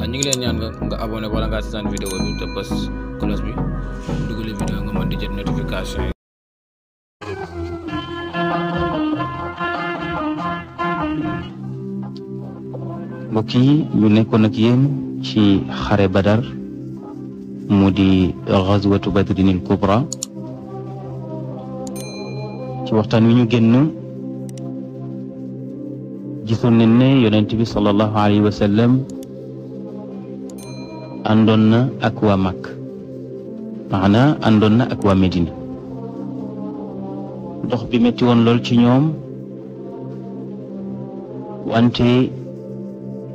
ñu ngi leen ñaan nga nga di jot notification yi ñu nekkoon ak yéen ci xare badar mu di xazwatu badrin il ci waxtaan wi ñu génn gisoon nañ ne yonent bi sallallahu alayhi wa àndoon na ak waa Makk maanaam àndoon na ak waa Medina dox bi metti woon lool ci ñoom wante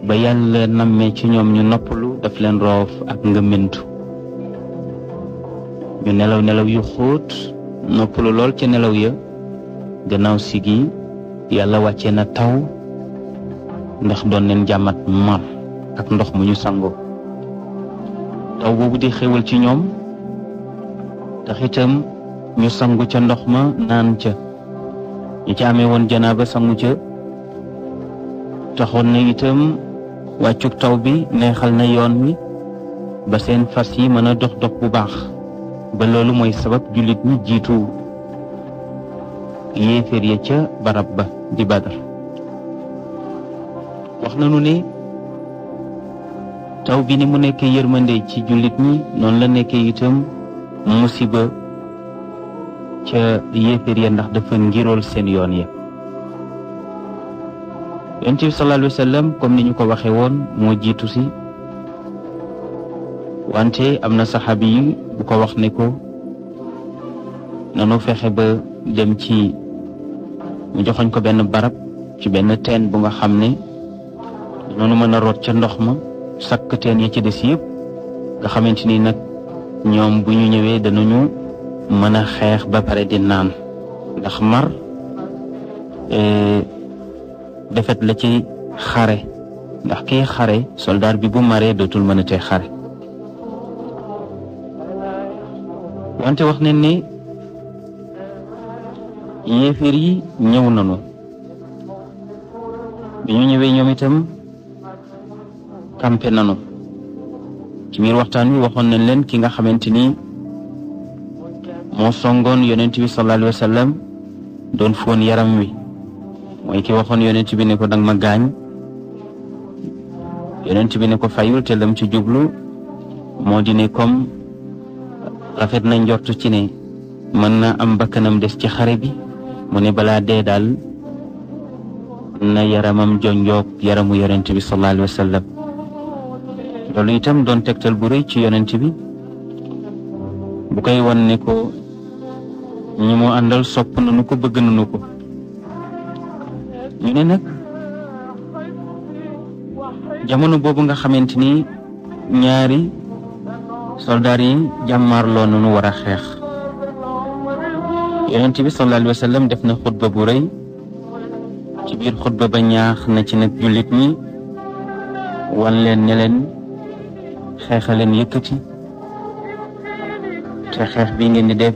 ba yàlla nammee ci ñoom ñu noppalu daf leen roof ak ngëmmentu ñu nelaw nelaw yu xóot noppalu lool ca nelaw ya gannaaw si gi yàlla wàcce na taw ndax doon leen jàmmat mar ak ndox mu ñu sangoo taw boobu di xewal ci ñoom tax ñu sangu ca ndox ma naan ca ñu ca amee woon janaaba sangu ca taxoon na itam wàccug taw bi neexal na yoon wi ba seen fas yi mën a dox dox bu baax ba loolu mooy sabab jullit ñi jiitu yéeféer ya ca barab ba di badar taw bi ni mu nekkee yërmande ci jullit ñi noonu la nekkee itam musiba ca yéeféer ya ndax dafa ngirool seen yoon ya yonent bi sallallahu alayhi comme ni ñu ko waxee woon moo jiitu ci wante am na saxaabi yi bu ko wax ne ko nanu fexe ba dem ci mu joxoñ ko benn barab ci benn teen bu nga xam ne noonu mën a root ca ndox ma sakk teen ya ci des yëpp nga xamante ni nag ñoom bu ñu ñëwee danañu mën a xeex ba pare di naan ndax mar e, defet la ci xare ndax kii xare soldaar bi bu maree dootul mën a tee xare wante wax nañ ni yéeféer yi ñëw nanu bi ñu ñëwee ñoom itam campé nanu ci biir waxtaan wi waxoon nañ leen ki nga xamante ni moo songoon yonent bi sallallahu alayhi wa sallam doon foon yaram wi mooy ki waxoon yonent bi ne ko danga ma gaañ yonent bi ne ko fayul te lam ci jublu moo di ne comme rafet na njort ci ne mën na am bakkanam des ci xare bi moo ne balaa dee daal na yaramam jonjoog yaramu yonent bi sallallahu alayhi wa sallam loolu itam doon tegtal bu rëy ci yonent bi bu koy wan ne ko ñi mu àndal sopp nañu ko bëgg nañu ko ñu ne nag jamono boobu nga xamante ni ñaari soldaar yi jàmmaarloo nañu war a xeex yonent bi sallallahu alayhi def na xutba bu rëy ci biir xutba ba ñaax na ci nag jullit ñi wan leen ne xeexa leen yëkkati te xeex bi ngeen di def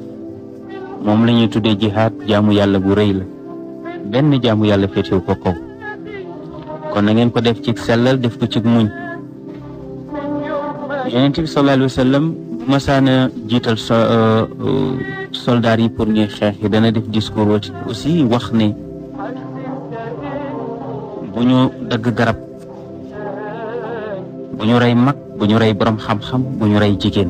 moom la ñuy tuddee jihaad jaamu yàlla bu rëy la benn jaamu yàlla féetewu ko kaw kon na ngeen ko def ci sellal def ko ci muñ yonent bi sallallahu alayhi wa masaana jiital so euh, euh, soldaar yi pour ñuy xeex yi dana def discours aussi wax ne bu ñu dagg garab bu ñu rey mag bu ñu rey borom xam-xam bu ñu rey jigéen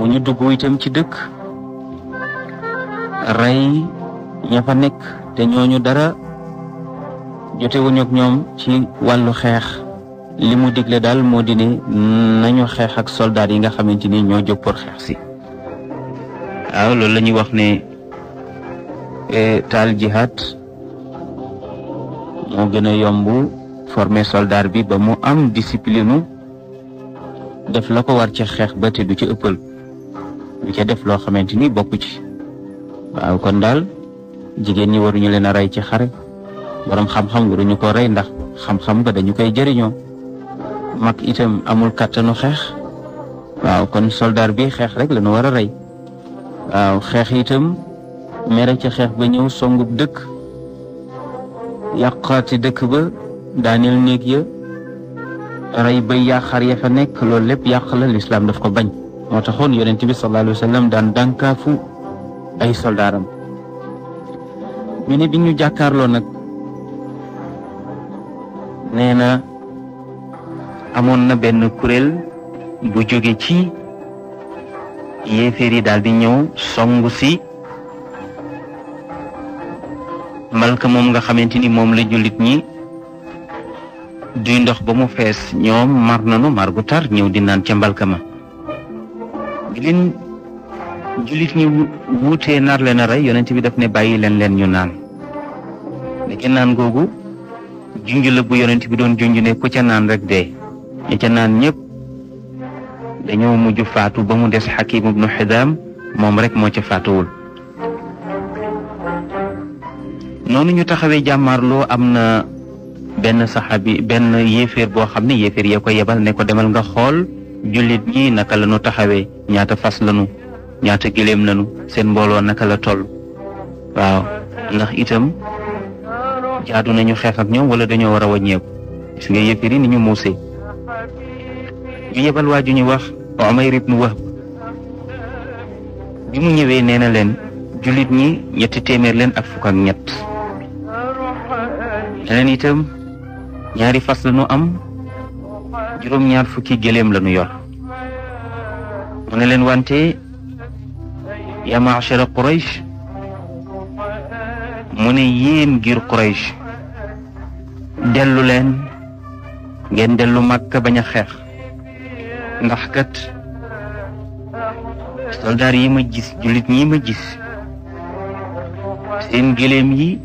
bu ñu dugg itam ci dëkk rey ña fa nekk te ñu dara jotewuñu ak ñoom ci wàllu xeex li mu digle daal moo di ne nañu xeex ak soldaar yi nga xamante ni ñoo jóg pour xeex si waaw loolu la ñuy wax ne eh, taal jihaad moo gën a yomb former soldat bi ba mu am discipline def la ko war ci xeex ba te du ci ëppal du ca def loo xamante ni bokku ci waaw kon daal jigéen ñi waruñu leen a rey ci xare borom xam-xam waruñu ko rey ndax xam-xam ba dañu koy jëriñoo mag itam amul kàttanu xeex waaw kon soldaar bi xeex rek la ñu war a rey waaw xeex itam mere ca xeex ba ñëw songub dëkk yàqaati dëkk ba daaneel néeg ya rey bay yaaxar ya fa nekk loolu lépp yàq la lislaam daf ko bañ moo taxoon yonent bi sallallahu alayhi wa sallam daan dànkaafu ay soldaaram ñu ne bi ñu jàkkaarloo nag nee na amoon na benn kuréel bu jóge ci yéeféer yi daal ñëw song si malka moom nga xamante ni moom la jullit ñi duy ndox ba mu fees ñoom mar nanu mar gu tar ñëw di naan ca mbalka ma bi leen jullit ñi wuutee nar leen a rey yonent bi daf ne bàyyi leen leen ñu naan ndeke naan googu junj la bu yonent bi doon junj ne ku ca naan rek de ña ca naan ñëpp dañoo mujj faatu ba mu des xakim ibnu xidaam moom rek moo ca faatuwul noonu ñu taxawee jàmmaarloo am na benn saxaabi benn yéeféer boo xam ne yéeféer yee ko yebal ne ko demal nga xool jullit ñi naka la taxawee ñaata fas lañu ñaata gëléem lañu seen mbooloo naka la toll waaw ndax itam jaadu nañu xeex ak ñoom wala dañoo war a wàññeeku gis nga yéeféer yi ni ñu muusee ñu yebal waa ñu wax Umayr ibn Wahb bi mu ñëwee nee na leen jullit ñi ñett téeméer leen ak fukk ñett leneen itam ñaari fas la ñu am juróom-ñaar fukki gëléem la ñu yor mu ne leen wante yaa maachara Quraysh mu ne yéen ngir Quraysh dellu leen ngeen dellu Makka bañ a xeex ndaxkat kat soldaar yi ma gis jullit ñi ma gis seen gëléem yi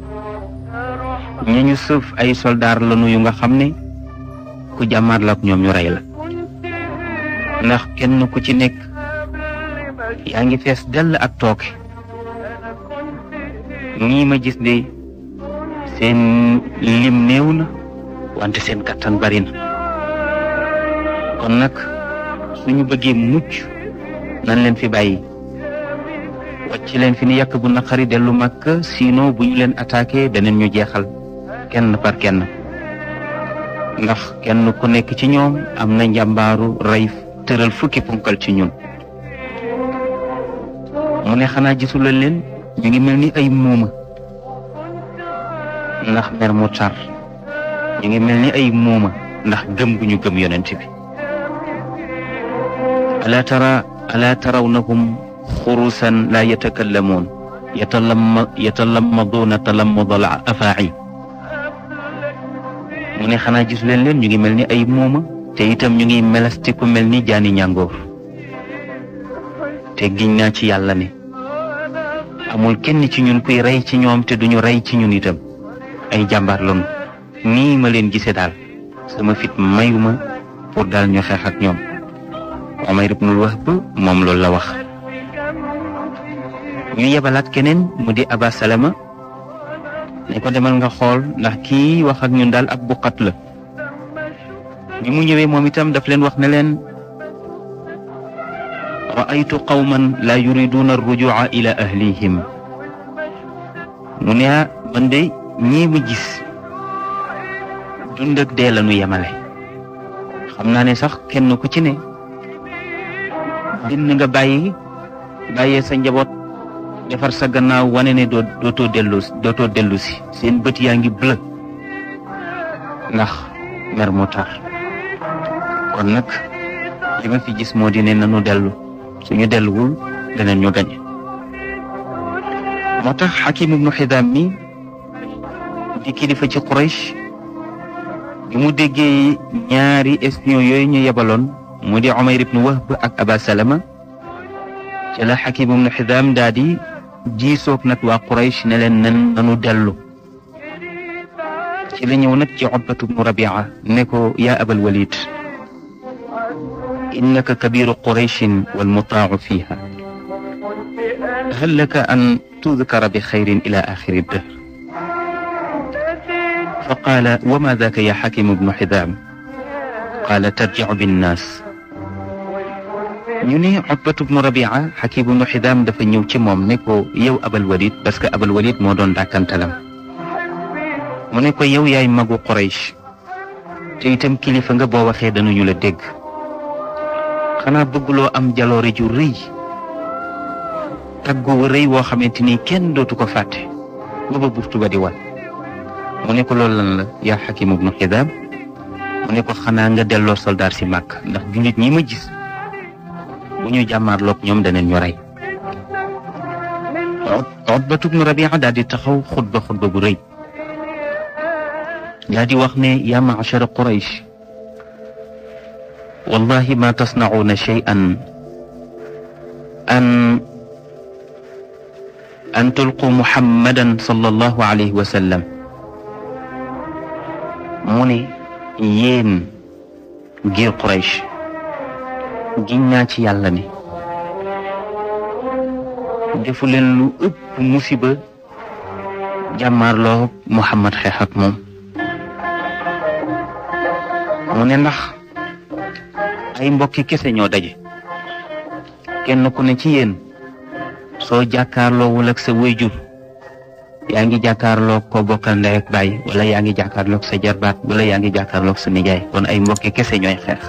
ñi ñu suuf ay soldaar la nuyu nga xam ne ku jàmmaar la ak ñoom ñu rey la ndax kenn ku ci nekk yaa ngi fees dell ak tooke ñii ma gis de seen lim néew na wante seen kattan bari na kon nag suñu bëggee mucc nan leen fi bàyyi wàcc leen fi ni yàq bu naqari dellu mag sinon bu ñu leen attaqué beneen ñu jeexal kenn par kenn ndax kenn ku nekk ci ñoom am na njàmbaaru rey tëral fukki punkal ci ñun mu ne xanaa gisula leen ñu ngi mel ni ay muuma ndax mer mu tar ñu ngi mel ni ay muuma ndax gëm gu ñu gëm yonent bi alaa tara alaa tarawnahum xurusan laa yatakallamuun yatalammaduuna talammud al afaa'i mu ne xanaa gis leen leen ñu ngi mel ni ay muuma te itam ñu ngi ku mel ni jaani ñàngoor te giñ naa ci yàlla ne amul kenn ci ñun kuy rey ci ñoom te duñu rey ci ñun itam ay jàmbaar lañu nii ma leen gisee daal sama fit mayuma pour daal ñu xeex ak ñoom Umayr ibnul Wahb moom loolu la wax ñu yebalaat keneen mu di abasalema ne ko demal nga xool ndax kii wax ak ñun daal ab buqat la bi mu ñëwee moom itam daf leen wax ne leen raaytu qawman laa yuriduna arrujua ila ahlihim mu ne ah, man de ñii mu gis dund ak dee la ñu yemale xam naa ne sax kenn ku ci ne dina nga bàyyi bàyyee sa njaboot defar sa gannaaw wane ne doo dootoo dellu dootoo dellu si seen bët yaa ngi bleu ndax mer mu tar kon nag li fi gis moo di ne nanu dellu suñu delluwul deneen ñu gañe moo tax Hakim ibnu Xidaam mi di kilifa ci Quraysh bi mu déggee ñaari espion yooyu ñu yebaloon moo di Umayr ibnu Wahb ak Aba Salama ci la Hakim ibnu Xidaam daa jiisoog nag waa Quraysh ne leen nan nanu dellu ci la ñëw nag ci Utbatu bnu Rabia ne ko yaa abal walid innaka kabiru Qurayshin wal mutaacu fiiha hal laka an tudkara bi xayrin ila axiri dahr fa qaala wa maa daaka yaa xakimu bnu xidaam qaala tarjicu binnaas ñu ni Utbatu bnu Rabia Xakiim bnu Xidaam dafa ñëw ci moom ne ko yow Abal Walid parce que Abal Walid moo doon dàkkantalam mu ne ko yow yaay magu Quraysh te itam kilifa nga boo waxee ñu la dégg xanaa bëgguloo am jaloore ju rëy taggu rëy woo xamante ni kenn dootu ko fàtte ba ba ba di mu ne ko loolu lan la yaa Xakiim bnu Xidaam mu ne ko xanaa nga delloo soldaar si màkk ndax jullit ñi ma gis bu ñuy jàmmaarloog ñoom daneen ñu rey Utbatu bnu Rabiia daal di taxaw xutba xutba bu rëy daal di wax ne yaa ma'shara Quraysh wallahi ma tasna'uuna shay'an an an tulqu muhammadan sallallahu alayhi wa sallam mu ne yéen ngir Quraysh gi naa ci yàlla ni defu leen lu ëpp musiba jàmmaarloo Muhammad xeex moom mu ne ndax ay mbokki kese ñoo daje kenn ku ne ci yéen soo jàkkaarloowul ak sa wéyjur yaa ngi jàkkaarloo ko bokkal ndey ak baay wala yaa ngi jàkkaarloog sa jarbaat wala yaa ngi jàkkaarloog sa nijaay kon ay mbokki kese ñooy xeex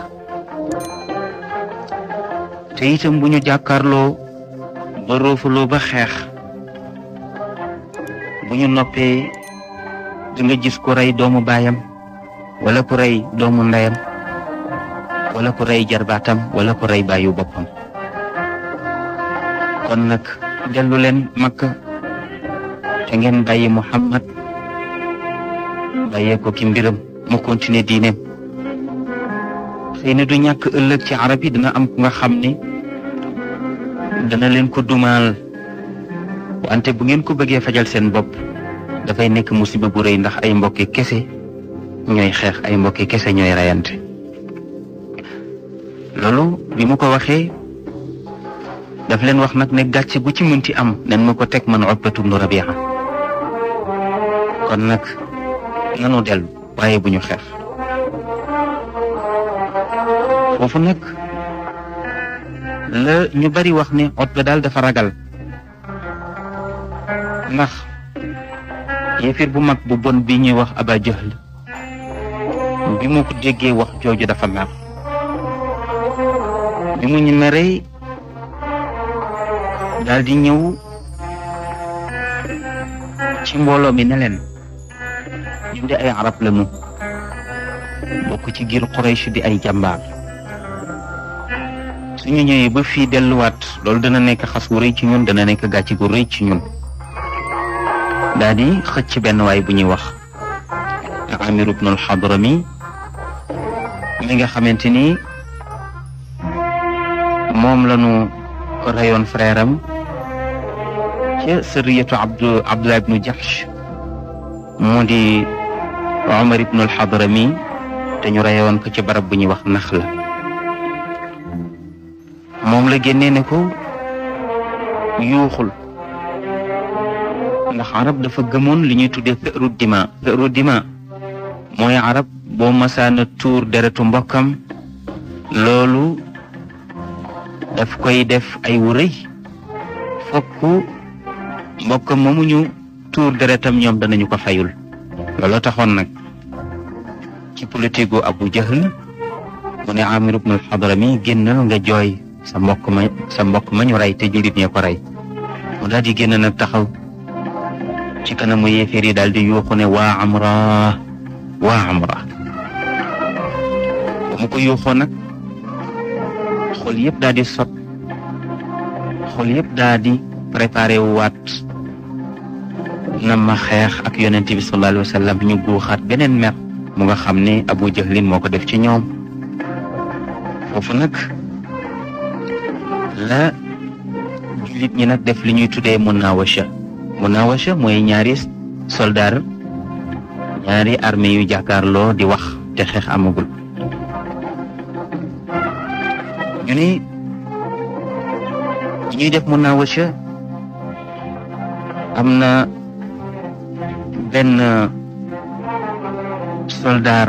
te itam bu ñu jàkkaarloo ba roofaloo ba xeex bu ñu noppee di nga gis ku rey doomu baayam wala ku rey doomu ndeyam wala ku rey jarbaatam wala ku rey baayu boppam kon nag dellu leen Makka te ngeen bàyyi Muhammad bàyyee ko ki mbiram mu continuer diineem xëy na du ñàkk ëllëg ci arab yi dana am ku nga xam ni dana leen ko dumaal wante bu ngeen ko bëggee fajal seen bopp dafay nekk musiba bu rëy ndax ay mbokki kese ñooy xeex ay mbokki kese ñooy reyante loolu bi mu ko waxee daf leen wax nag ne gàcce bu ci mënti am nen ma ko teg man Utbatu bnu Rabi'a kon nag nanu dellu waaye bu ñu xeex foofu nag la ñu bari wax ne Utba daal dafa ragal ndax yéefir bu mag bu bon bi ñuy wax Aba Jahl bi mu ko déggee wax jooju dafa mer bi mu ñu meree daal di ñëw ci mbooloo mi ne leen ñun de ay arab la ñu bokk ci giir Quraysh di ay jàmbaar suñu ñëwee ba fii delluwaat loolu dana nekk xas gu rëy ci ñun dana nekk gàcce gu rëy ci ñun daadi di xëcc benn waay bu ñuy wax Amir ibnul Hadrami mi nga xamante ni moom lañu rayoon frère am ca sëriyatu Abdu Abdullah ibnu Jahsh mu di Omar ibnul Hadrami te ñu rayoon ko ci barab bu ñuy wax Naxla moom génnee ne ko yuuxul ndax arab dafa gëmoon li ñuy tuddee feru dima feru dima mooy arab boo masaana tuur deretu mbokkam loolu daf koy def ay wurëy fokk mbokkam moomu ñu tuur deretam ñoom danañu ko fayul looloo taxoon nag ci politique Abu Jahl mu ne Amir ibn al génnal nga jooy sa mbokk ma sa mbokk ma ñu rey te jullit ñee ko rey mu daal di génn na taxaw ci kanamu yéeféer yi daal di yuuxu ne waa amra waa amra ba mu ko yuuxoo nag xol yëpp daal di sot xol yëpp daal di préparé wu waat na ma xeex ak yonent bi sallallahu alayhi wa ñu guuxaat beneen mer mu nga xam ne Abu Jahlin moo ko def ci ñoom foofu nag la jullit ñi nag def li ñuy tuddee munawasha munawasha mooy ñaari soldaar ñaari armée yu jàkkaarloo di wax te xeex amagul ñu ni ñuy def munawasha am na benn soldaar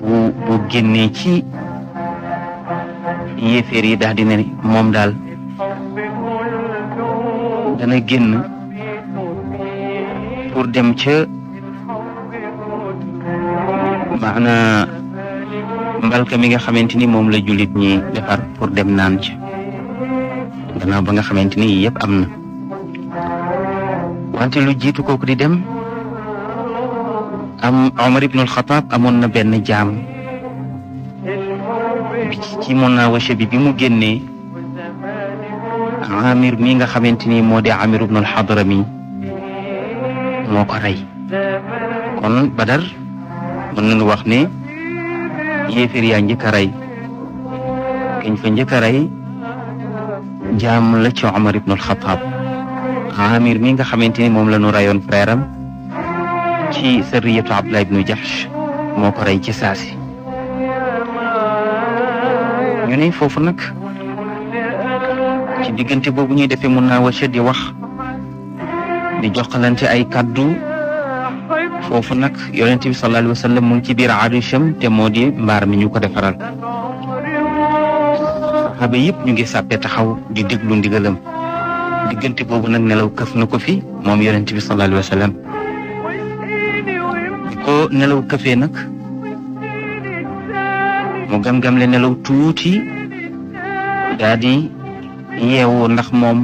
bu bu génnee ci yéeféer yi daal di ne moom daal dana génn pour dem ca maana mbalka mi nga xamante ni moom la julit ñi defar pour dem naan ca gannaaw ba nga xamante ni yëpp am na wante lu jiitu kooku di dem am Omar ibnul Xataab amoon na benn jaam ci munawasha bi bi mu génnee amir mi nga xamante ni moo di amir ibnul moo ko rey kon Badar mën nañu wax ne yéeféer yaa njëkk rey kañ fa njëkk a rey jaam la ci Omar ibnul amir mi nga xamante ni moom la ñu reyoon ci sariyatu Abdullah ibnu Jahsh moo ko rey ci saasi ñu ne foofu nag ci diggante boobu ñuy defee mun naa wacce di wax di joxalante ay kaddu foofu nag yonent bi sallallahu alayhi mu ngi ci biir arisham te moo di mbaar mi ñu ko defaral saxaaba yëpp ñu ngi sàppe taxaw di déglu ndigalam diggante boobu nag nelaw këf na ko fi moom yonent bi sallallahu alayhi ko nelaw këfee nag mu gam-gam le nelaw tuuti daa di yeewu ndax moom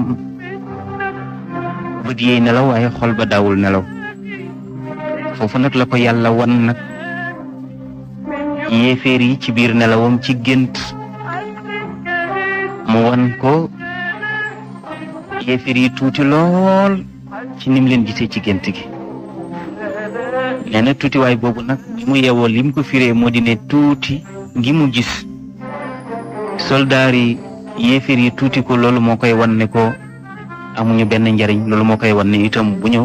bët yeey nelaw waaye xol ba daawul nelaw foofu nag la ko yàlla won nag yéeféer yi ci biir nelawam ci gént mu wan ko yéeféer yi tuuti lool ci nim leen gisee ci gént gi nee tuutiwaay boobu nag mu yeewoo lim ko firee moo di ne tuuti gi mu gis soldaar yi yéefir yi tuuti ko loolu moo koy wan ne ko amuñu benn njariñ loolu moo koy wan ne itam bu ñu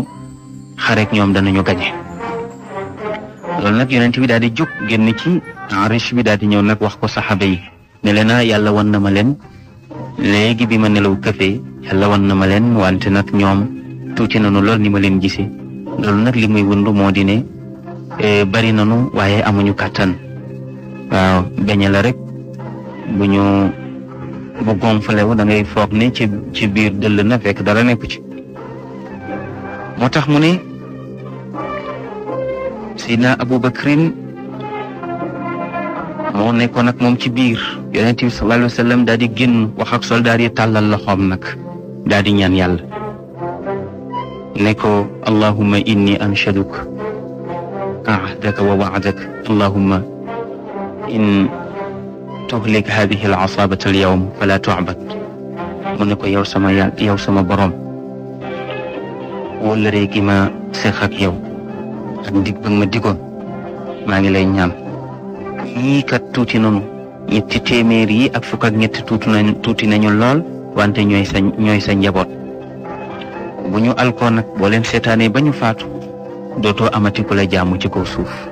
xareek ñoom danañu gañe loolu nag yonent bi daal di jóg génn ci arish bi daal di ñëw nag wax ko saxaaba yi ne leen a ah, yàlla wan na ma leen léegi bi ma nelaw kafe yàlla wan na ma leen wante nag ñoom tuuti nanu lool ni ma leen gisee loolu nag li muy wundu moo di ne eh, bari nanu waaye amuñu kàttan waaw beñe la rek bu ñu bu gonflé wu da ngay foog ne ci ci biir dëll na fekk dara nekku ci moo tax mu ne Seydina Aboubacrin moo nekkoon nag moom ci biir yonent bi sallallahu alayhi wa sallam daal di génn wax ak soldaar tàllal loxoom nag daal ñaan yàlla ne ko allahumma inni anshaduk ahdaka wa waadaka allahumma in tuhlik hadihi al asabata al yawm fala tu'bad mu ne ko yow sama yow sama borom wóllëree gi ma seq ak yow ak dig ma digoon maa ngi lay ñaan ñii kat tuuti nañu ñetti téeméer yi ak fukk ñetti tuuti nañu tuuti nañu lool wante ñooy sa ñooy sa njaboot bu ñu alkoon nag boo leen seetaane ba ñu faatu dootoo amati ku la jaamu ci kaw suuf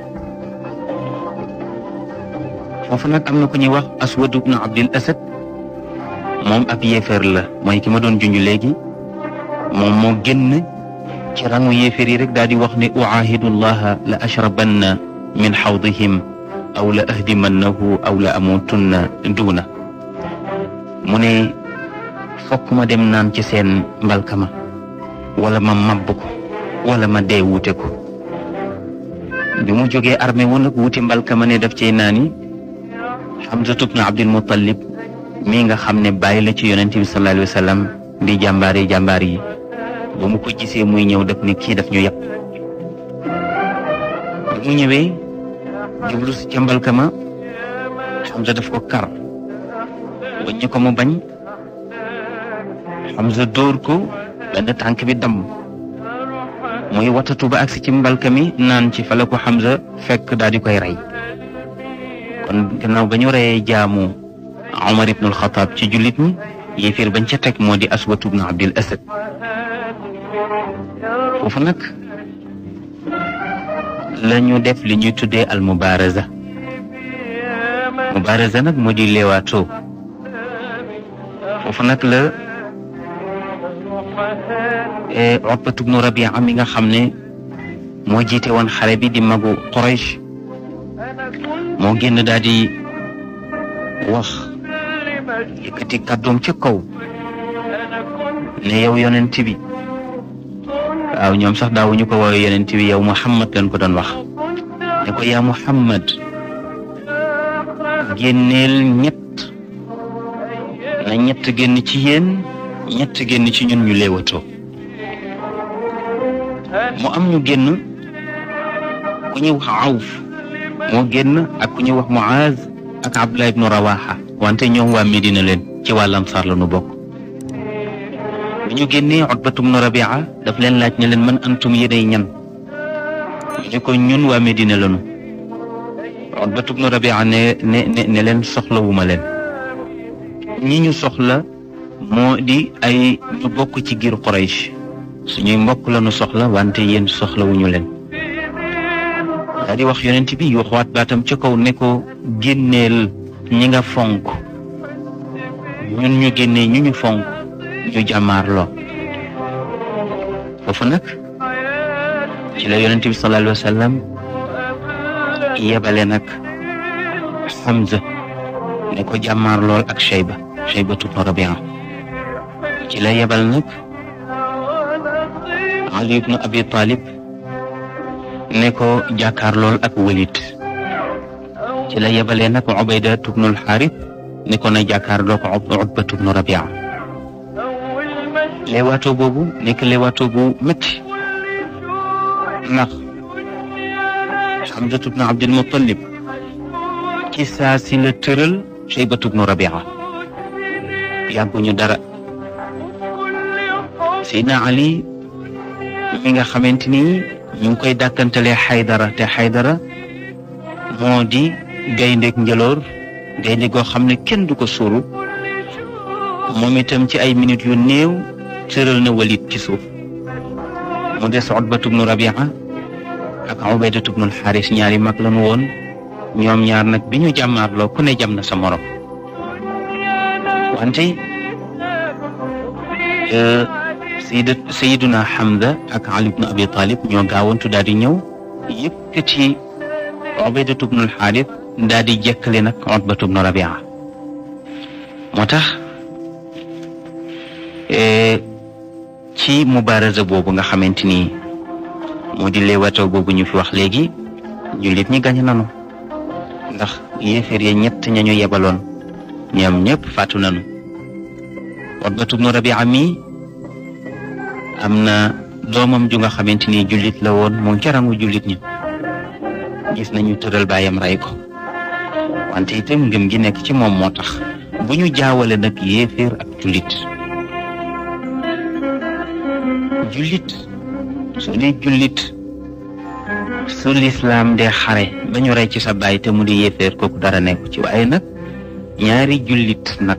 foofu nag am na ku ñuy wax aswad ibnu abdil asad moom ab yéeféer la mooy ki ma doon junj léegi moom moo génn ci rangu yéeféer yi rek daal di wax ne uaahidullaha la ashrabanna min xawdihim aw la ahdimannahu aw la amutunna duuna mu ne fokk ma dem naan ci seen mbalka ma wala ma mab ko wala ma dee wuute ko bi mu jógee armée wu nag wuti ma ne def cey naani Hamzatu bnu Abdil Muttalib mii nga xam ne bàyyi la ci yonent bi sallallahu alayhi wa sallam di jàmbaar yi jàmbaar yi ba mu ko gisee muy ñëw def ne kii def ñu yàpp bi mu ñëwee jublu si jàmbal kama Hamza daf ko kar waññi ko mu bañ Hamza dóor ko benn tànk bi damm muy watatu ba agsi ci mbalka mi naan ci fa la ko Hamza fekk daal di koy rey kon gannaaw ga ñu reyee jaamu Omar ibn al-Khattab ci jullit ñi yéeféer bañ ca teg moo di Aswat ibn Abdil Asad foofu nag la ñu def li ñuy tuddee al mubaaraza mubaaraza nag moo di leewaatoo foofu nag la eh, Utbatu bnu Rabia am mi nga xam ne moo jiite woon xare bi di magu Quraysh moo génn daal di wax yëkkati kàddoom ca kaw ne yow yonent bi waaw ñoom sax daawuñu ko woowee yonent bi yow Muhammad lañ ko doon wax ne ko yaa Muhammad génneel ñett na ñett génn ci yéen ñett génn ci ñun ñu léewatoo mu am génn ku ñuy wax awf moo génn ak ku ñuy wax Muaz ak Abdullah ibnu Rawaha wante ñoom waa Medina leen ci waa Ansaar la bokk bu ñu génnee Utbatu ibnu Rabia daf leen laaj ne leen man antum yéenay ñan ñu ko ñun waa Medina la ñu Utbatu ibnu Rabia ne ne ne leen soxlawuma leen ñi ñu soxla moo di ay ñu bokk ci giir Quraysh suñuy mbokk la ñu soxla wante yéen soxlawuñu leen daal di wax yonent bi waxaat baatam ca kaw ne ko génneel ñi nga fonk ñun ñu génnee ñu ñu fonk ñu jàmmaarloo foofu nag ci la yonent bi sallallahu alayhi wa nag Hamza ne ko jàmmaar lool ak Shayba Shaybatu Rabi'a ci la yebal nag Ali ibn Abi Talib ne ko jàkkaarlool ak Walid ci la yebalee nag Ubayda tubnul Xaarit ne ko na jàkkaarloo ko Utba tubnu Rabia leewaatoo boobu nekk leewaatoo bu métti ndax Hamza tubnu Abdul Muttalib ci saa si la tëral Shayba tubnu Rabia yàgguñu dara Seydina Ali mi nga xamante ni ñu ngi koy dàkkantalee xaydara te xaydara moo di gayndeek njëloor gaynde goo xam ne kenn du ko suuru moom itam ci ay minutes yu néew tëral na walit ci suuf mu des Utbatu bnu Rabia ak Ubaydatu bnu Xaaris ñaari mag lañu woon ñoom ñaar nag bi ñu jàmmaarloo ku ne jam na sa morom wante euh, sayiduna Hamza ak Ali ibn Abi Talib ñoo gaawantu daal di ñëw yëkkati Ubaydatu ibn al-Harith daal di jekkale nag Utbatu ibn Rabia moo tax e, ci mubaaraza boobu nga xamante ni moo di wato boobu ñu fi wax léegi jullit ñi gañ nanu ndax yéeféer ñett ñañu yebaloon ñoom ñëpp faatu nanu Utbatu ibn Rabia mi am na doomam ju nga xamante ni jullit la woon mu ngi ca rangu jullit ñi gis nañu tëral baayam rey ko wante itam ngëm gi nekk ci moom moo tax bu ñu jaawale nag yéeféer ak jullit jullit su dee jullit su lislaam dee xare ba ñu rey ci sa baay te mu di yéeféer kooku dara nekk ci waaye nag ñaari jullit nag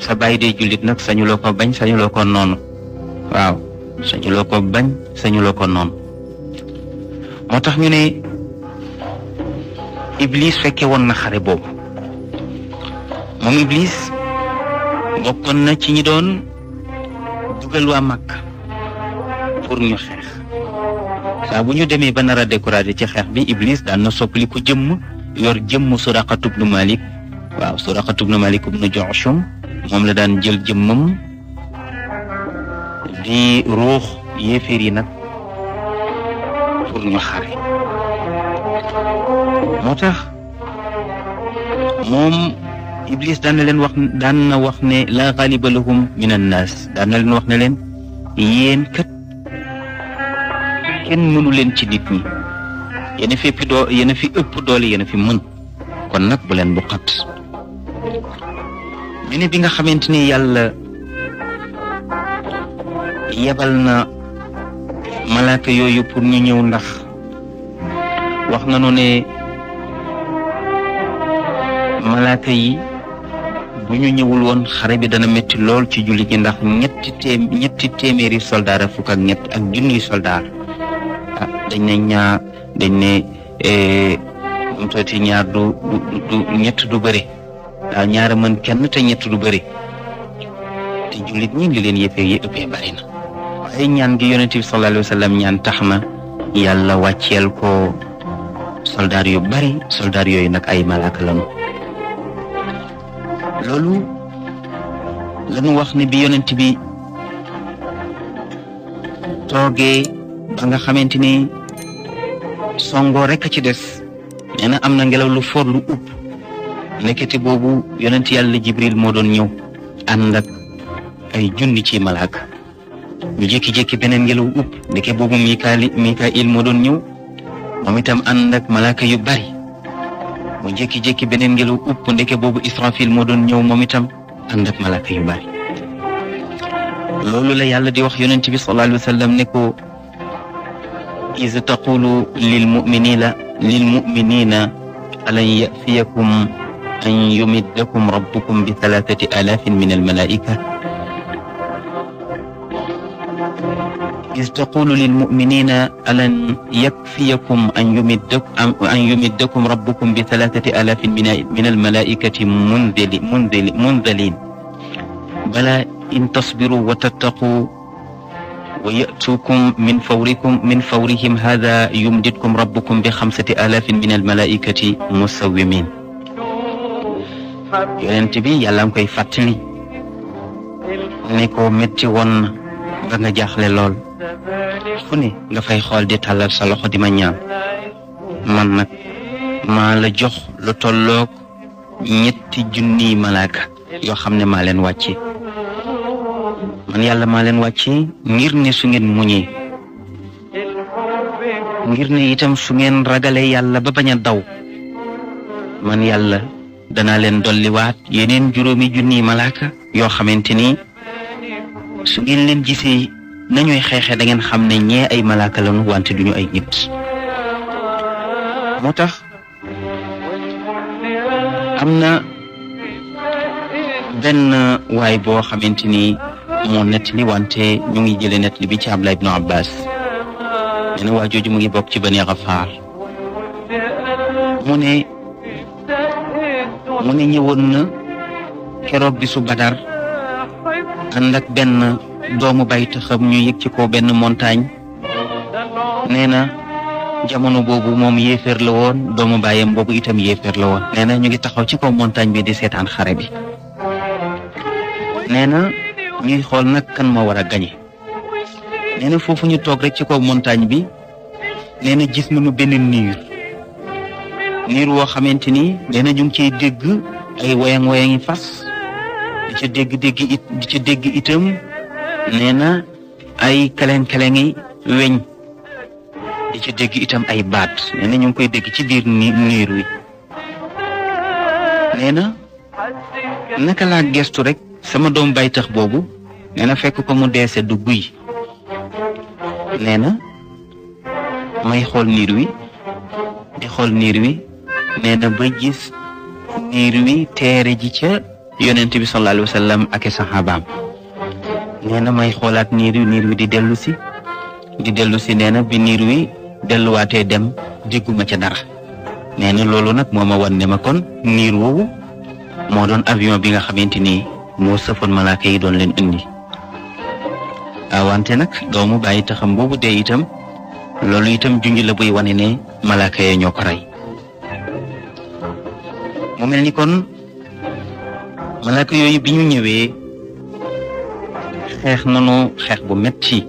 sa baay dee jullit nag sañuloo ko bañ sañuloo ko noonu waaw sañu loo ko bañ sañu loo ko noonu moo tax ñu ne Iblis fekke woon na xare boobu moom Iblis bokkoon na ci ñi doon dugal waa Makka pour ñu xeex saa bu ñu demee ba nara a découragé ci xeex bi Iblis daan na soppali ku jëmm yor jëmm Suraqatu bnu Malik waaw Suraqatu bnu Malik bnu Jushum moom la daan jël jëmmam di ruux yéeféer yi nag pour ñu xare moo tax moom Iblis daan leen wax daan na wax ne laa xaaliba lahum min annaas daan leen wax na leen yéen kat kenn mënu leen ci nit ñi yéen a fi ëpp doo yéen fi ëpp doole yéen fi mën kon nag bu leen bu xat bi nga xamante ni yàlla yebal na malaaka yooyu pour ñu ñëw ndax wax nañu ne malaaka yi bu ñu ñëwul woon xare bi dana metti lool ci julli ji ndax ñetti téem ñetti téeméeri soldaar ak fukk ak ñett ak junniy soldaar ah dañ ne ñaar dañ ne eh, mu tooti ñaar du ñett du bëri daal ñaara mën kenn te ñett du bëri te jullit ñi li leen yëpp yi ëppee bari na ay ñaan gi yonent bi ñaan tax na yàlla wàcceel ko soldaar yu bari soldaar yooyu nag ay malaaka lañu loolu lañu wax ne bi yonent bi toogee ba nga xamante ni songoo rek a ci des nee na am na ngelaw lu for lu upp nekkete boobu yonent yàlla jibril moo doon ñëw ànd ak ay junni ci malaaka ñu jékki-jékki beneen ngelaw upp ndeke boobu Mikaali Mikail moo doon ñëw moom itam malaaka yu bari mu jékki beneen ngelaw upp ndeke boobu Israfil moo doon ñëw moom itam ànd ak malaaka yu bari loolu la yàlla di wax yonent bi sallallahu alayhi wa sallam ne ko iz taqulu alan ya'tiyakum an yumiddakum rabbukum bi thalathati alafin min al إذ تقول للمؤمنين ألن يكفيكم أن يمدكم, أن يمدكم ربكم بثلاثة آلاف من الملائكة منذل منذل منذلين بلى إن تصبروا وتتقوا ويأتوكم من فوركم من فورهم هذا يمددكم ربكم بخمسة آلاف من الملائكة مسومين yonent bi yàlla ngi koy fàttali ne ko metti woon ba nga jaaxle lool fu ne nga fay xool di tàllal sa loxo di ma ñaan man nag maa la jox lu tolloog ñetti junniy malaaka yoo xam ne maa leen wàcce man yàlla maa leen wàcce ngir ne su ngeen muñee ngir ne itam su ngeen ragalee yàlla ba bañ a daw man yàlla dana leen dolliwaat yeneen juróomi junni malaaka yoo xamante ni su ngeen leen gisee nañuy xeexee da xam ne ñee ay malaaka lañu wante duñu ay nit moo tax am na benn waay boo xamante ni moo nettali wante ñu ngi jële nettali bi ci abla ibnu Abbas nee na waa jooju mu ngi bokk ci Bani Gafaar mu ne mu ne ñëwoon na Badar ànd benn doomu bay taxam ñu yëg ci ko benn montagne nee na jamono boobu moom yéeféer la woon doomu baayam boobu itam yéeféer la woon nee na ñu ngi taxaw ci kaw montagne bi di seetaan xare bi nee na ñuy xool nag kan moo war a gañe nee na foofu ñu toog rek ci kaw montagne bi nee gis nañu benn niir niir woo xamante ni nee ñu ngi ciy dégg ay woyang woyangi fas di ca dégg dégg it di ca dégg itam nee na ay keleng-keleng weñ di ca dégg itam ay baat nee na ñu ngi koy dégg ci biir ni niir wi nee na naka laa gestu rekk sama doom baytax boobu nee fekk ko mu deese du guy nee na may xool niir wi di xool niir wi nee na ba gis niir wi teere ji ca yonent bi sallallahu alayhi wa ak saxaabaam nee na may xoolaat niir wi niir wi di dellu si di dellu si nee na bi niir wi delluwaatee dem digguma ca dara nee na loolu nag moo ma wan ne ma kon niir woowu moo doon avion bi nga xamante ni moo sëfoon malaaka yi doon leen indi ah, wante nag doomu bàyyi taxam boobu dee itam loolu itam junj la buy wane ne malaaka yee ñoo ko rey mu mel ni kon malaaka yooyu bi ñu ñëwee xeex nanu xeex bu metti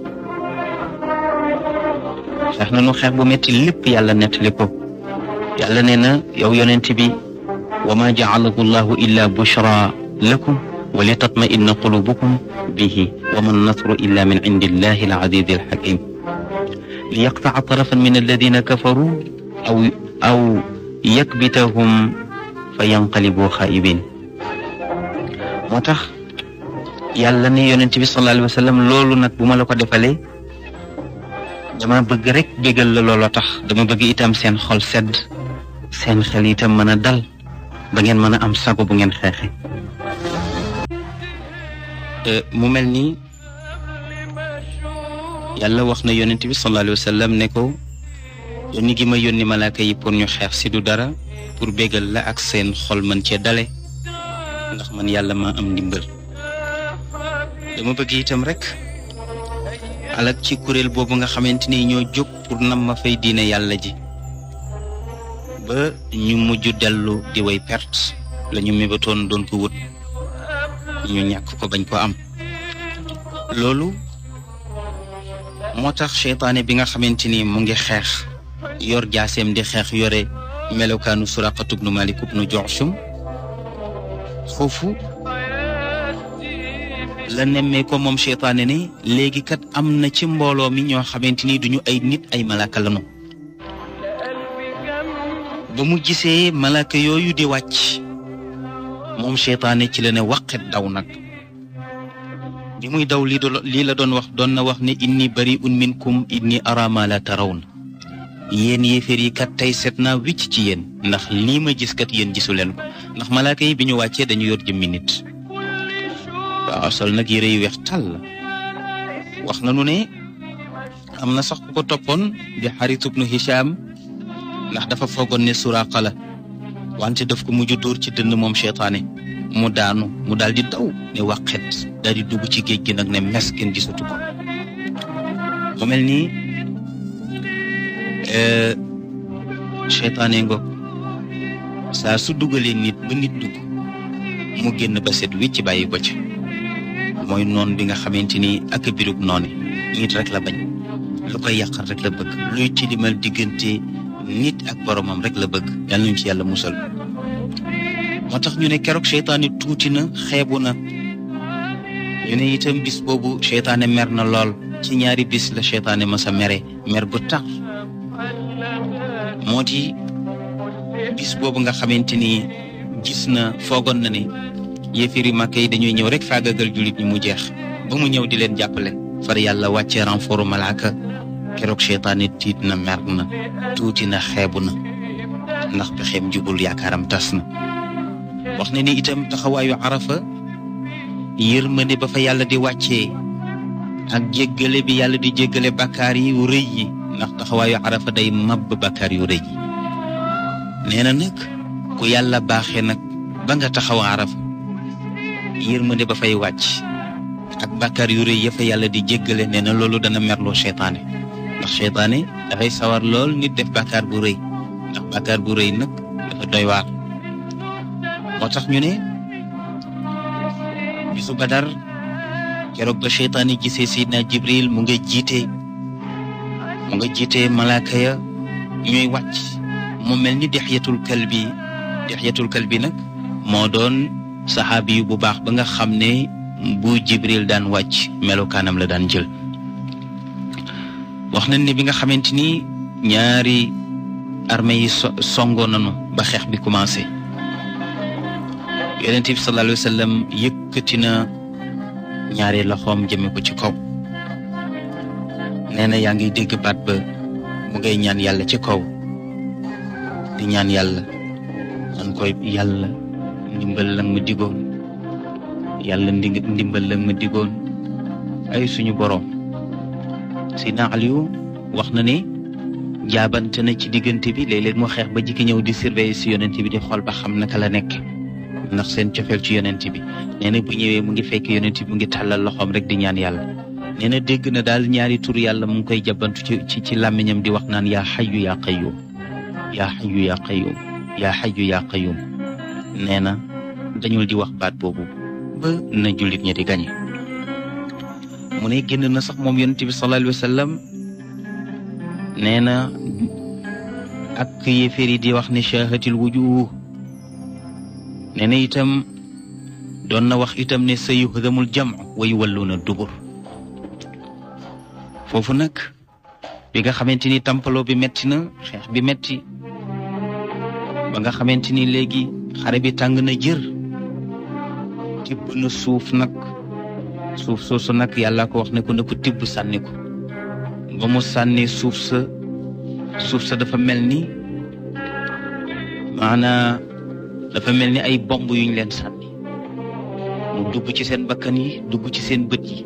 xeex nanu xeex bu metti lépp yàlla nettali ko yàlla nee na yow yonent bi wa ma jaalahu llahu illa bushra lakum wa li tatma inna qulubukum bihi wa ma nasru illa min indi illahi al azizi al hakim li yaqtaa tarafan min alladina kafaru aw aw yakbitahum fa yanqalibu xaibin moo tax yàlla ne yonent bi sallallahu alayhi wa sallam loolu nag bu ma la ko defalee dama bëgg rek bégal la looloo tax dama bëgg itam seen xol sedd seen xel itam mën a dal ba ngeen mën a am sago bu ngeen xeexe euh, mu mel ni yàlla wax na yonent bi sallallahu alayhi ne ko yónni gi ma yónni malaaka yi pour ñu xeex si du dara pour bégal la ak seen xol mën cee dale ndax man yàlla ma am ndimbal dama bëgg itam rek alak ci kuréel boobu nga xamante ni ñoo jóg pour nam ma fay diine yàlla ji ba ñu mujj dellu di way perte la ñu mébatoon doon ko wut ñu ñàkk ko bañ ko am loolu moo tax seytaane bi nga xamante ni mu ngi xeex yor jaaseem di xeex yore melokaanu suraqatu bnu nu bnu joxsum foofu la nemmee ko moom seytaane ne léegi kat am na ci mbooloo mi ñoo xamante ni duñu ay nit ay malaaka lanu ba mu gisee malaaka yooyu di wàcc moom seytaane ci la ne waqet daw nag bi muy daw lii lii la doon wax doon na wax ne inni bari'un minkum inni ara ma la tarawna yéen yéeféer yi kat tey seet naa wicc ci yéen ndax lii ma gis kat yéen gisu leen ko ndax malaaka yi bi ñu wàccee dañu yor jëmmi nit waaw sol nag yére yu weex tàll wax na nu ne am na sax ku ko toppoon di Xarit ibnu Hisham ndax dafa foogoon ne Suraaqa la wante daf ko mujj dóor ci dënn moom seytaane mu daanu mu daal di daw ne waqet daal di dugg ci géej gi nag ne mes kenn gisatu ko mu mel nii e, seytaane ngoog saa su dugalee nit ba nit dugg mu génn ba set wi ci bàyyi ko ci mooy noon bi nga xamante ni ak birub noone nit rek la bañ lu koy yàqal rek la bëgg luy tilimal diggante nit ak boromam rek la bëgg yàlla nañu ci yàlla musal moo tax ñu ne keroog seytaane tuuti na xeebu na ñu ne itam bis boobu seytaane mer na lool ci ñaari bis la seytaane ma sa mere mer bu tax moo di bis boobu nga xamante ni gis na foogoon na ne yu màkk yi dañuy ñëw rek faagagal jullit ñi mu jeex ba mu ñëw di leen jàppale far yàlla wàccee renfort malaaka keroog seytaane tiit na mer na tuuti na xeebu na ndax pexeem jubul yaakaaram tas na wax na ni itam taxawaayu arafa yërmande ba fa yàlla di wàcce ak jéggale bi yàlla di jéggale bakkaar yu rëy yi ndax taxawaayu arafa day mabb bakkaar yu rëy yi nee na nag ku yàlla baaxee nag ba nga taxaw arafa ne ba fay wàcc ak bàkkaar yu rëy ya yàlla di jéggale nee na loolu dana merloo seytaane ndax seytaane dafay sawar lool nit def bàkkaar bu rëy ndax bàkkaar bu rëy nag dafa doy waar moo tax ñu ne bisu badar keroog ba seytaane gisee Seydina Jibril mu nga jiite mu nga jiite malaaka ya ñuy wàcc mu mel ni dexyatul kalbi dexyatul kalbi nag moo doon saxaabi yu bu baax ba nga xam ne bu jibril daan wàcc melokaanam la daan jël wax na ne bi nga xamante ni ñaari armée yi songoo nañu ba xeex bi commencé yonent bi sallallahu alayhi wa sallam yëkkati na ñaari loxoom jëme ko ci kow nee na yaa ngi dégg baat ba mu ngay ñaan yàlla ci kaw di ñaan yàlla nan koy yàlla ndimbal la ma digoon yàlla ndimbal la ma digoon ay suñu boroom Seydina Aliou wax na ni jaabante na ci diggante bi léeg-léeg mu xeex ba jikki ñëw di surveiller si yonent bi di xool ba xam naka la nekk ndax seen cofeel ci yonent bi nee bu ñëwee mu ngi fekk yonent bi mu ngi tàllal loxoom rek di ñaan yàlla nee na dégg na daal ñaari tur yàlla mu ngi koy jabantu ci ci ci làmmiñam di wax naan yaa xayu yaa qayyum yaa xayu yaa qayyum yaa xayu yaa qayyum dañul di wax baat boobu ba na jullit ñi di gañe mu ne génn na sax moom yonent bi sallallahu alayhi wa sallam nee na ak yéeféer di wax ne shahatil wujuh nee na itam doon na wax itam ne sa yuhdamul jam wa yuwalluna dubur foofu nag bi nga xamante ni tampaloo bi metti na xeex bi metti ba nga xamante ni léegi xare bi tàng na jër tibb na suuf nag suuf soosu nag yàlla ko wax ne ko na ko tibb sànni ko ba mu sànni suuf sa suuf sa dafa mel ni maanaa dafa mel ni ay bomb yuñ leen sànni mu dugg ci seen bakkan yi dugg ci seen bët yi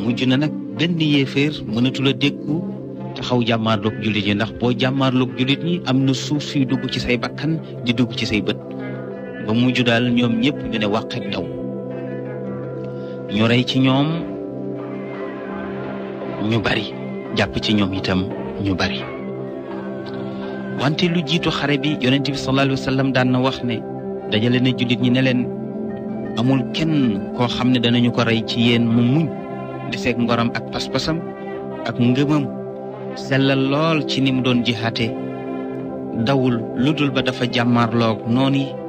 mujj na nag benn yéeféer mënatul a dékku taxaw jàmmaarloog jullit yi ndax boo jàmmaarloog jullit ñi am na suuf suy dugg ci say bakkan di dugg ci say bët ba mujj daal ñoom ñëpp ñu ne wàq daw ñu rey ci ñoom ñu bari jàpp ci ñoom itam ñu bari wante lu jiitu xare bi yonent bi sallallahu alayhi wa sallam daan na wax ne dajale na jullit ñi ne leen amul kenn koo xam ne danañu ko rey ci yéen mu muñ deseeg ngoram ak pas ak ngëmam sellal lool ci ni mu doon jihaate dawul lu dul ba dafa jàmmaarloog noonu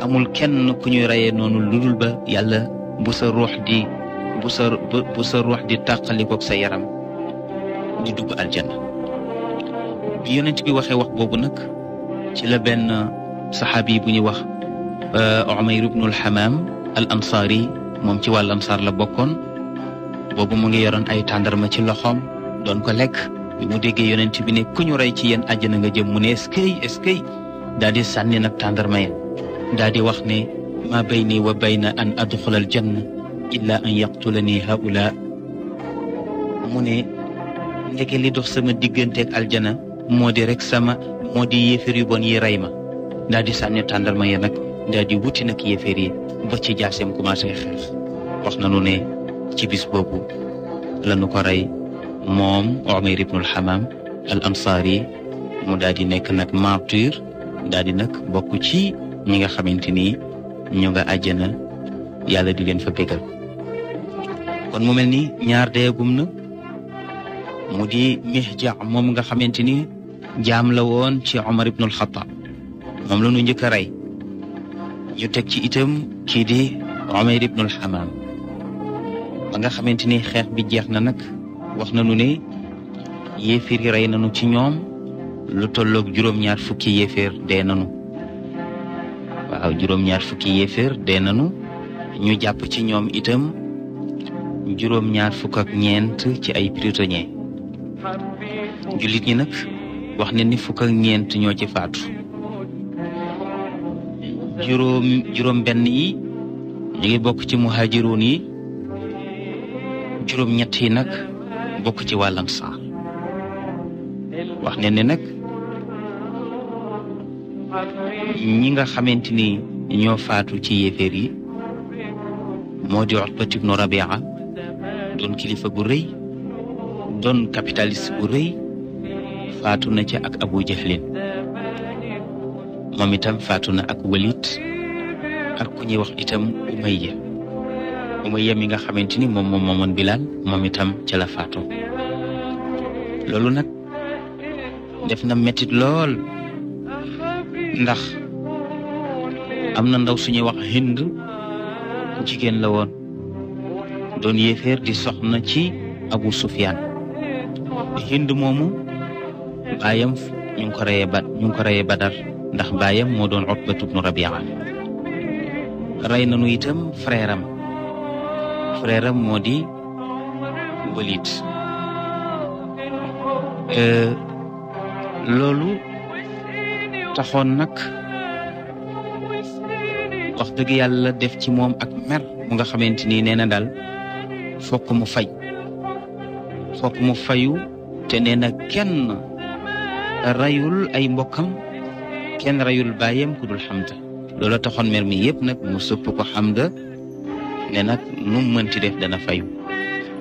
amul kenn ku ñuy reyee noonu lu dul ba yàlla bu sa ruux di di tàqalikook sa yaram ñu dugg aljanna bi yonent bi waxee wax boobu nag ci la benn saxaabi bu ñuy wax euh, Umayr ibnul Xamaam al ansaari moom ci wàll ansaar la bokkoon boobu mu ngi yoroon ay tàndarma ci loxoom doon ko lekk bi mu déggee yonent bi ne ku ñu rey ci yéen àjjana nga jëm mu ne eskay eskay daal di sànni nag tàndarma ya daal di wax ne ma bayni wa bayna an adxula aljanna illa an yaqtulani haula mu ne ndeke li dox sama digganteeg aljana moo di rek sama moo di yéeféer yu bon yi rey ma daal di sànni tàndarma ya nag daal di wuti nag yéeféer yi ba ci jaaseem commencé xeex wax nanu ne ci bis boobu lanu ko rey moom Umayr ibnul Xamaam al ansaari mu daal di nekk nag martyr daal di nag bokk ci ñi nga xamante ni ñu nga àjjana yàlla di leen fa bégal kon mu mel ni ñaar deegum na mu di Mihja moom nga xamante ni jaam la woon ci Omar ibn al moom la ñu njëkk a rey ñu teg ci itam kii di Umayr ibn al ba nga xamante ni xeex bi jeex na nag wax nañu ni yéeféer yi rey nañu ci ñoom lu tolloog juróom-ñaar fukki yéeféer dee nañu waaw juróom-ñaar fukki yéeféer de nañu ñu jàpp ci ñoom itam juróom-ñaar fukk ak ñeent ci ay prisonniers jullit ñi nag wax ne ni fukk ak ñeent ñoo ci faatu juróom benn yi ñu ngi bokk ci muhajiroon yi juróom ñett yi nag bokk ci wàllam saa wax ne ni nag ñi nga xamante ni ñoo faatu ci yéeféer yi moo di Utbatu ibnu Rabia doon kilifa gu rëy doon capitaliste bu rëy faatu na ci ak Abu Jahlin moom itam faatu na ak Walid ak ku ñuy wax itam Umayya Umayya mi nga xamante ni moom moom moomoon Bilaal moom itam ca la faatu loolu nag def na métit lool ndax am na ndaw suñuy wax hind jigéen la woon doon yéeféer di soxna ci abu sufyaan hind moomu baayam ñu ko reyee ñu ngi ko reyee badar ndax baayam moo doon utbatu bnu rabia rey nañu itam frère am moo di walid euh, loolu taxoon nag wax dëgg yàlla def ci moom ak mer mu nga xamante ni nee na dal fokk mu faj fokk mu fayu te nee na kenn rayul ay mbokkam kenn rayul bàyyam ku dul Hamza loola taxoon mer mi yëpp nag mu sëpp ko ga ne nag nu mu mënti def dana fayu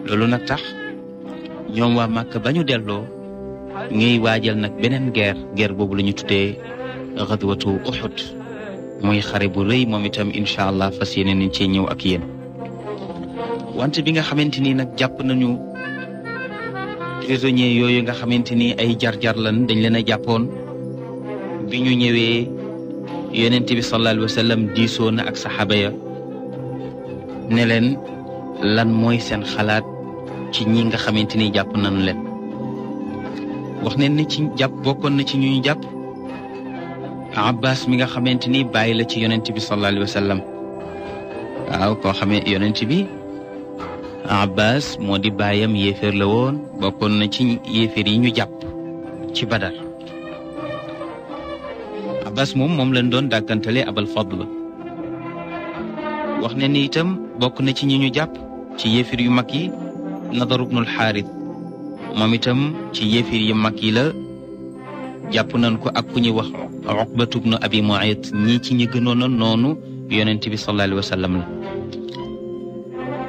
loolu nag tax ñoom waa Màkka ba ñu delloo ñuy waajal nag beneen guerre guerre boobu la ñu tuddee xadwatu uxud muy xare bu rëy moom itam incha allah fas yéene nañ cee ñëw ak yéen wante bi nga xamante ni nag jàpp nañu prisonniers yooyu nga xamante ni ay jar-jar lan dañ leen a jàppoon bi ñu ñëwee yeneen bi sallallahu alayhi wa sallam na ak saxaaba ya ne leen lan mooy seen xalaat ci ñi nga xamante ni jàpp nañu leen wax ne ci jàpp bokkoon na ci ñuy jàpp abbas mi nga xamante ni bàyyi la ci yonent bi sallallahu alayhi wa sallam waaw koo xamee yonent bi abbas moo di bàyyam yéeféer la woon bokkoon na ci yéeféer yi ñu jàpp ci badar abbas moom moom lañ doon dàkkantale abal fadl wax ne ni itam bokk na ci ñi ñu jàpp ci yéeféer yu mag yi nadar ibnul xaarit moom itam ci yéeféer yu mag yi la jàpp nañ ko ak ku ñuy wax Uqbatu bnu Abi Muayt ñii ci ñi gënoon noonu yonent bi sallallahu alayhi wa sallam la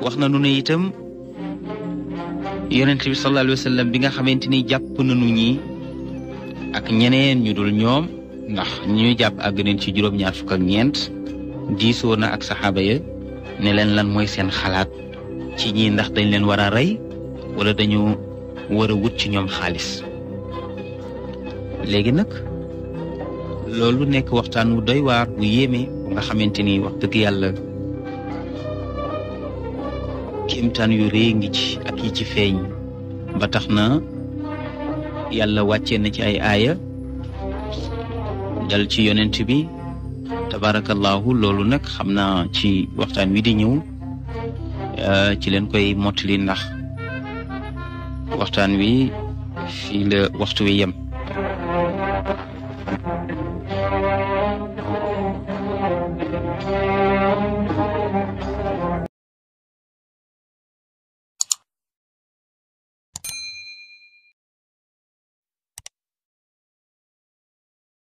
wax na nu ne itam yonent bi sallallahu alayhi sallam bi nga xamante ni jàpp nañu ñii ak ñeneen ñu dul ñoom ndax ñu jàpp àgg nañ ci juróom-ñaar fukk ak ñeent diisoo na ak saxaaba ya ne leen lan mooy seen xalaat ci ñii ndax dañ leen war a rey wala dañu war wut ci ñoom xaalis léegi nag loolu nekk waxtaan wu doy waar bu yéeme nga xamante ni wax dëgg yàlla kéemtaan yu rëy ngi ci ak yi ci feeñ ba tax na yàlla wàcce na ci ay aaya dal ci yonent bi tabaarakallaahu loolu nag xam naa ci waxtaan wi di ñëw euh, ci leen koy mottali ndax waxtaan wi fi la waxtu wi yem